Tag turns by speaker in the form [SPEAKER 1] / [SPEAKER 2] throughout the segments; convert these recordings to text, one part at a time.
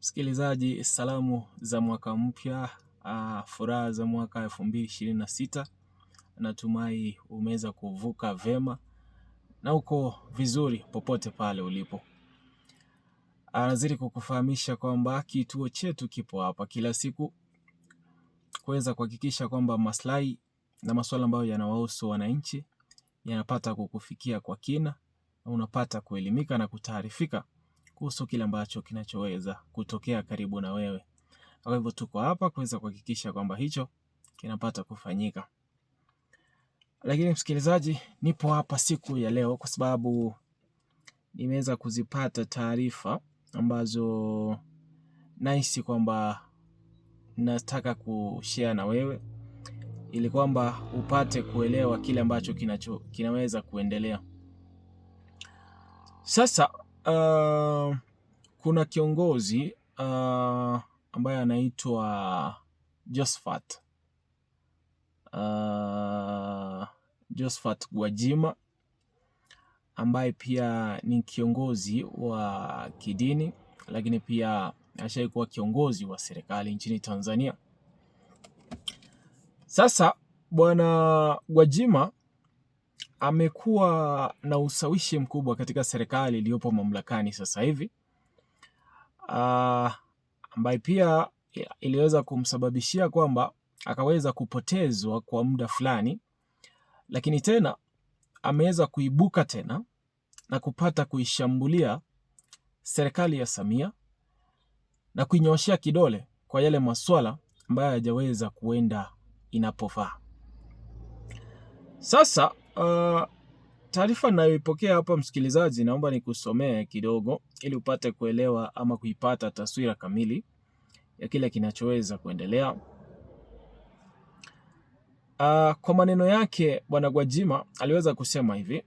[SPEAKER 1] Msikilizaji, salamu za mwaka mpya, ah, furaha za mwaka elfu mbili ishirini na sita. Natumai umeweza kuvuka vema na uko vizuri popote pale ulipo. Ah, nazidi kukufahamisha kwamba kituo chetu kipo hapa kila siku kuweza kuhakikisha kwamba maslahi na masuala ambayo yanawahusu wananchi yanapata kukufikia kwa kina na unapata kuelimika na kutaarifika kuhusu kile ambacho kinachoweza kutokea karibu na wewe. Kwa hivyo tuko hapa kuweza kuhakikisha kwamba hicho kinapata kufanyika. Lakini msikilizaji, nipo hapa siku ya leo kwa sababu nimeweza kuzipata taarifa ambazo nahisi kwamba nataka kushare na wewe ili kwamba upate kuelewa kile ambacho kinacho, kinaweza kuendelea. Sasa uh, kuna kiongozi uh, ambaye anaitwa Josephat uh, Josephat Gwajima ambaye pia ni kiongozi wa kidini lakini pia ashai kuwa kiongozi wa serikali nchini Tanzania. Sasa bwana Gwajima amekuwa na usawishi mkubwa katika serikali iliyopo mamlakani sasa hivi ah, ambaye pia iliweza kumsababishia kwamba akaweza kupotezwa kwa muda fulani, lakini tena ameweza kuibuka tena na kupata kuishambulia serikali ya Samia na kuinyoshea kidole kwa yale maswala ambayo hayajaweza kuenda inapofaa. Sasa Uh, taarifa ninayoipokea hapa msikilizaji, naomba nikusomee kidogo ili upate kuelewa ama kuipata taswira kamili ya kile kinachoweza kuendelea. Uh, kwa maneno yake Bwana Gwajima aliweza kusema hivi: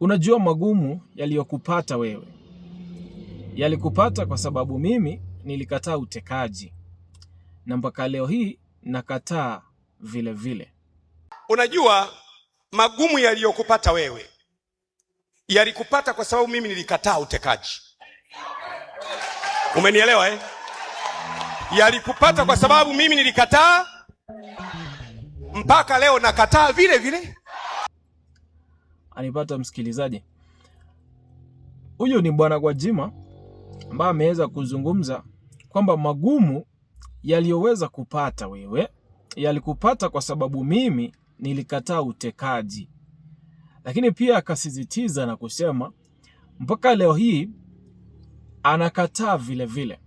[SPEAKER 1] unajua magumu yaliyokupata wewe yalikupata kwa sababu mimi nilikataa utekaji na mpaka leo hii nakataa vilevile.
[SPEAKER 2] Unajua, magumu yaliyokupata wewe yalikupata kwa sababu mimi nilikataa utekaji. Umenielewa eh? Yalikupata kwa sababu mimi nilikataa, mpaka leo nakataa vile vile.
[SPEAKER 1] Anipata msikilizaji, huyu ni bwana Gwajima ambaye ameweza kuzungumza kwamba magumu yaliyoweza kupata wewe yalikupata kwa sababu mimi nilikataa utekaji. Lakini pia akasisitiza na kusema mpaka leo hii anakataa vile vile.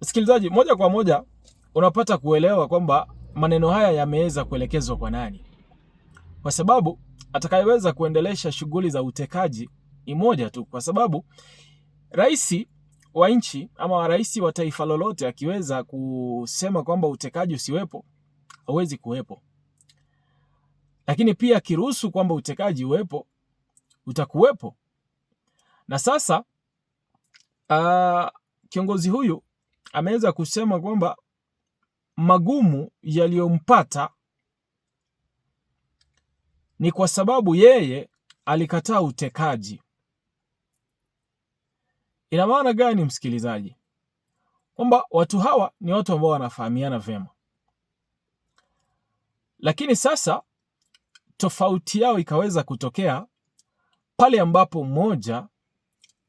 [SPEAKER 1] Msikilizaji, moja kwa moja unapata kuelewa kwamba maneno haya yameweza kuelekezwa kwa nani, kwa sababu atakayeweza kuendelesha shughuli za utekaji ni moja tu, kwa sababu rais wa nchi ama rais wa taifa lolote akiweza kusema kwamba utekaji usiwepo, hauwezi kuwepo. Lakini pia akiruhusu kwamba utekaji uwepo, utakuwepo. Na sasa uh, kiongozi huyu ameweza kusema kwamba magumu yaliyompata ni kwa sababu yeye alikataa utekaji. Ina maana gani, msikilizaji? Kwamba watu hawa ni watu ambao wanafahamiana vyema. Lakini sasa tofauti yao ikaweza kutokea pale ambapo mmoja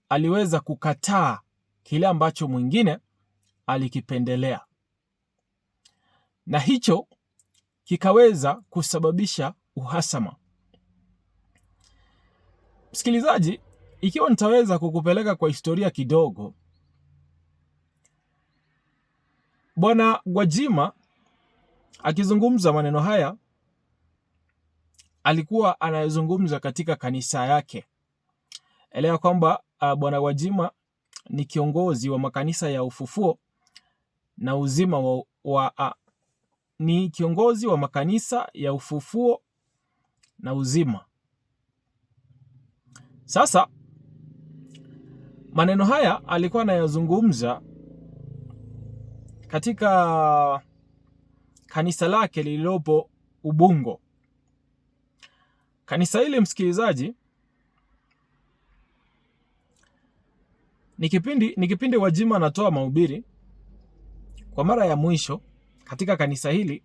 [SPEAKER 1] aliweza kukataa kile ambacho mwingine alikipendelea, na hicho kikaweza kusababisha uhasama. Msikilizaji, ikiwa nitaweza kukupeleka kwa historia kidogo, Bwana Gwajima Akizungumza maneno haya alikuwa anayezungumza katika kanisa yake. Elewa kwamba ah, Bwana Gwajima ni kiongozi wa makanisa ya ufufuo na uzima wa, wa a, ah, ni kiongozi wa makanisa ya ufufuo na uzima. Sasa maneno haya alikuwa anayozungumza katika kanisa lake lililopo Ubungo. Kanisa hili msikilizaji, ni kipindi ni kipindi Wajima anatoa mahubiri kwa mara ya mwisho katika kanisa hili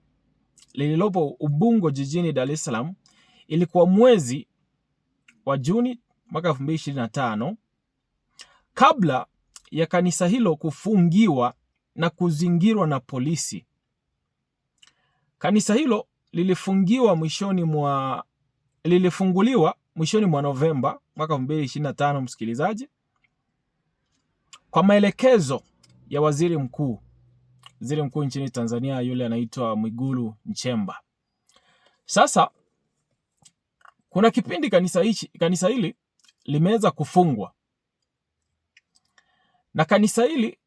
[SPEAKER 1] lililopo Ubungo jijini Dar es Salaam. Ilikuwa mwezi wa Juni mwaka 2025 kabla ya kanisa hilo kufungiwa na kuzingirwa na polisi Kanisa hilo lilifungiwa mwishoni mwa lilifunguliwa mwishoni mwa Novemba mwaka 2025, msikilizaji, kwa maelekezo ya waziri mkuu waziri mkuu nchini Tanzania yule anaitwa Mwigulu Nchemba. Sasa kuna kipindi kanisa hichi kanisa hili limeweza kufungwa na kanisa hili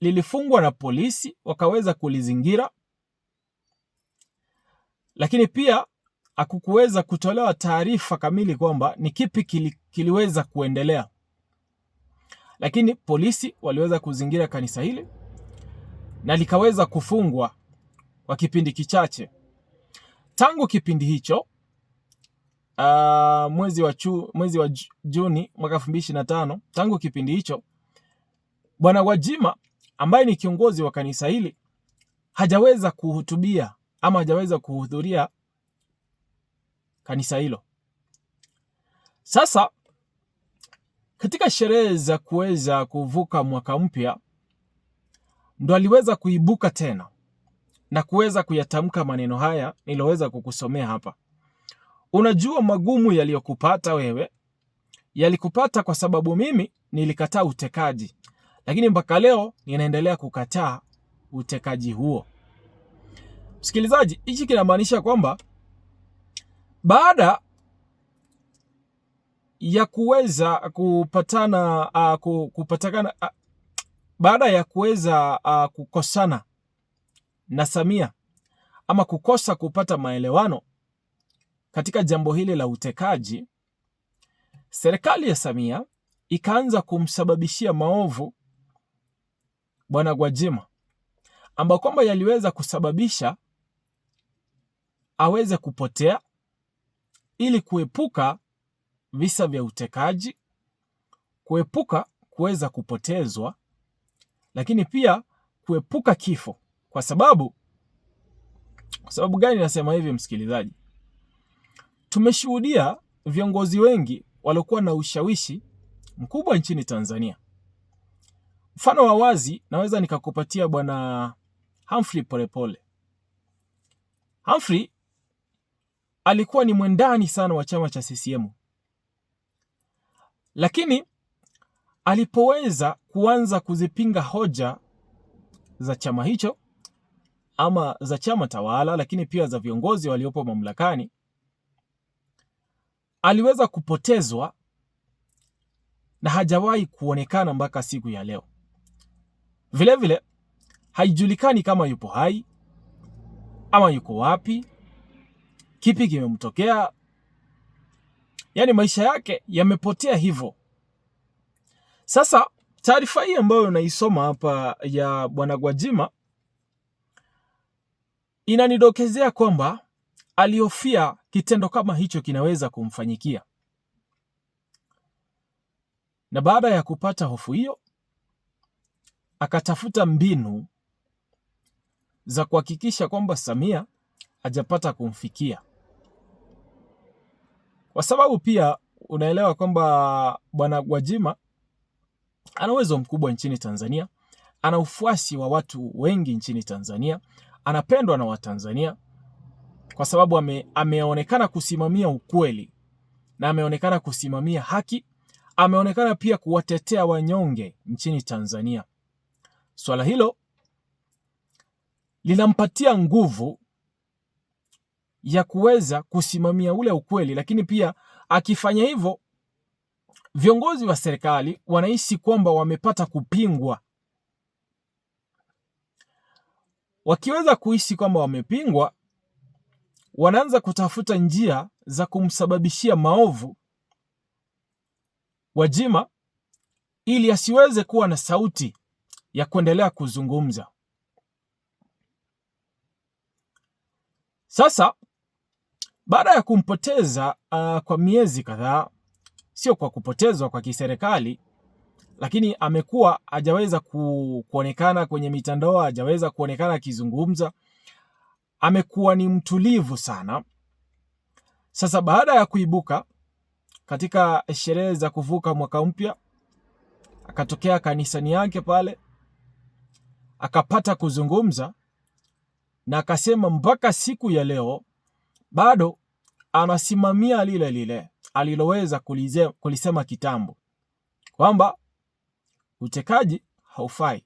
[SPEAKER 1] lilifungwa na polisi wakaweza kulizingira lakini pia hakukuweza kutolewa taarifa kamili kwamba ni kipi kili, kiliweza kuendelea. Lakini polisi waliweza kuzingira kanisa hili na likaweza kufungwa kwa kipindi kichache. Tangu kipindi hicho uh, mwezi wa, chu, mwezi wa Juni mwaka 2025, tangu kipindi hicho Bwana Gwajima ambaye ni kiongozi wa kanisa hili hajaweza kuhutubia ama hajaweza kuhudhuria kanisa hilo. Sasa katika sherehe za kuweza kuvuka mwaka mpya ndo aliweza kuibuka tena na kuweza kuyatamka maneno haya niloweza kukusomea hapa. Unajua, magumu yaliyokupata wewe yalikupata kwa sababu mimi nilikataa utekaji, lakini mpaka leo ninaendelea kukataa utekaji huo. Msikilizaji, hichi kinamaanisha kwamba baada ya kuweza kupatana uh, kupatakana uh, baada ya kuweza uh, kukosana na Samia ama kukosa kupata maelewano katika jambo hili la utekaji, serikali ya Samia ikaanza kumsababishia maovu bwana Gwajima, ambao kwamba yaliweza kusababisha aweze kupotea ili kuepuka visa vya utekaji, kuepuka kuweza kupotezwa, lakini pia kuepuka kifo. Kwa sababu kwa sababu gani nasema hivi, msikilizaji? Tumeshuhudia viongozi wengi waliokuwa na ushawishi mkubwa nchini Tanzania. Mfano wa wazi naweza nikakupatia bwana Humphrey Polepole. Humphrey alikuwa ni mwendani sana wa chama cha CCM, lakini alipoweza kuanza kuzipinga hoja za chama hicho ama za chama tawala, lakini pia za viongozi waliopo mamlakani, aliweza kupotezwa na hajawahi kuonekana mpaka siku ya leo. Vilevile haijulikani kama yupo hai ama yuko wapi kipi kimemtokea? Yaani maisha yake yamepotea hivyo. Sasa taarifa hii ambayo naisoma hapa ya bwana Gwajima inanidokezea kwamba alihofia kitendo kama hicho kinaweza kumfanyikia, na baada ya kupata hofu hiyo akatafuta mbinu za kuhakikisha kwamba Samia hajapata kumfikia kwa sababu pia unaelewa kwamba bwana Gwajima ana uwezo mkubwa nchini Tanzania, ana ufuasi wa watu wengi nchini Tanzania, anapendwa na Watanzania kwa sababu ame, ameonekana kusimamia ukweli na ameonekana kusimamia haki, ameonekana pia kuwatetea wanyonge nchini Tanzania. Swala hilo linampatia nguvu ya kuweza kusimamia ule ukweli, lakini pia akifanya hivyo viongozi wa serikali wanahisi kwamba wamepata kupingwa. Wakiweza kuhisi kwamba wamepingwa, wanaanza kutafuta njia za kumsababishia maovu Wajima ili asiweze kuwa na sauti ya kuendelea kuzungumza. Sasa baada ya kumpoteza uh, kwa miezi kadhaa, sio kwa kupotezwa kwa kiserikali, lakini amekuwa hajaweza ku, kuonekana kwenye mitandao, hajaweza kuonekana akizungumza, amekuwa ni mtulivu sana. Sasa baada ya kuibuka katika sherehe za kuvuka mwaka mpya, akatokea kanisani yake pale, akapata kuzungumza na akasema mpaka siku ya leo bado anasimamia lile lile aliloweza kulisema kitambo kwamba utekaji haufai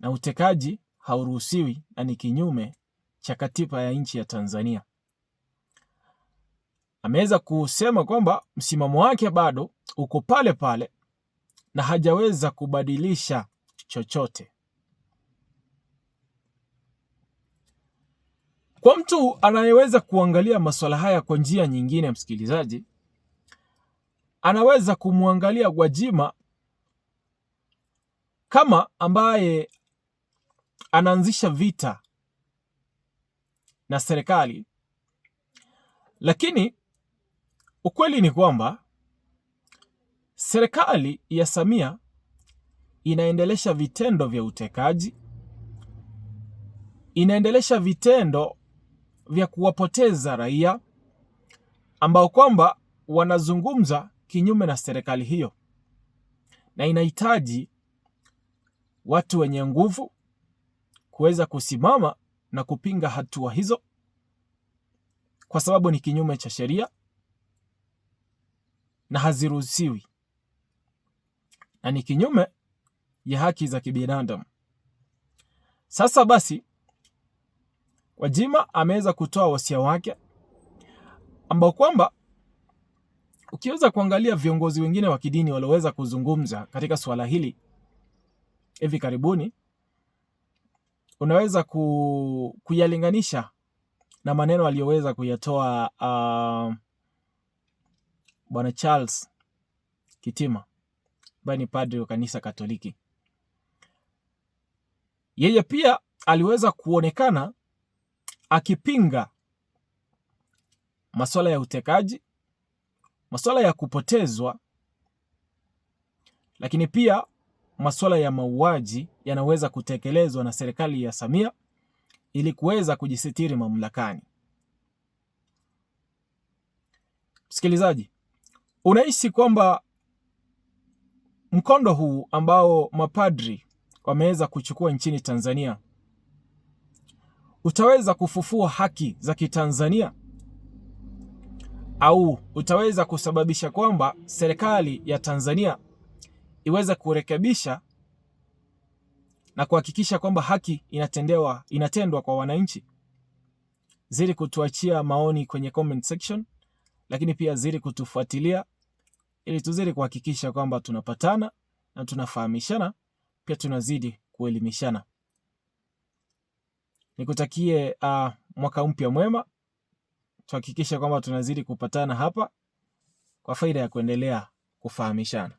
[SPEAKER 1] na utekaji hauruhusiwi na ni kinyume cha katiba ya nchi ya Tanzania. Ameweza kusema kwamba msimamo wake bado uko pale pale na hajaweza kubadilisha chochote. Kwa mtu anayeweza kuangalia masuala haya kwa njia nyingine, msikilizaji, anaweza kumwangalia Gwajima kama ambaye anaanzisha vita na serikali, lakini ukweli ni kwamba serikali ya Samia inaendelesha vitendo vya utekaji, inaendelesha vitendo vya kuwapoteza raia ambao kwamba wanazungumza kinyume na serikali hiyo, na inahitaji watu wenye nguvu kuweza kusimama na kupinga hatua hizo, kwa sababu ni kinyume cha sheria na haziruhusiwi na ni kinyume ya haki za kibinadamu. Sasa basi Gwajima ameweza kutoa wasia wake ambao kwamba ukiweza kuangalia viongozi wengine wa kidini walioweza kuzungumza katika suala hili hivi karibuni, unaweza ku, kuyalinganisha na maneno aliyoweza kuyatoa uh, Bwana Charles Kitima ambaye ni padri wa kanisa Katoliki. Yeye pia aliweza kuonekana akipinga masuala ya utekaji, masuala ya kupotezwa, lakini pia masuala ya mauaji yanaweza kutekelezwa na serikali ya Samia ili kuweza kujisitiri mamlakani. Msikilizaji, unahisi kwamba mkondo huu ambao mapadri wameweza kuchukua nchini Tanzania utaweza kufufua haki za Kitanzania au utaweza kusababisha kwamba serikali ya Tanzania iweze kurekebisha na kuhakikisha kwamba haki inatendewa, inatendwa kwa wananchi. Zidi kutuachia maoni kwenye comment section, lakini pia zidi kutufuatilia ili tuzidi kuhakikisha kwamba tunapatana na tunafahamishana, pia tunazidi kuelimishana. Nikutakie uh, mwaka mpya mwema. Tuhakikishe kwamba tunazidi kupatana hapa kwa faida ya kuendelea kufahamishana.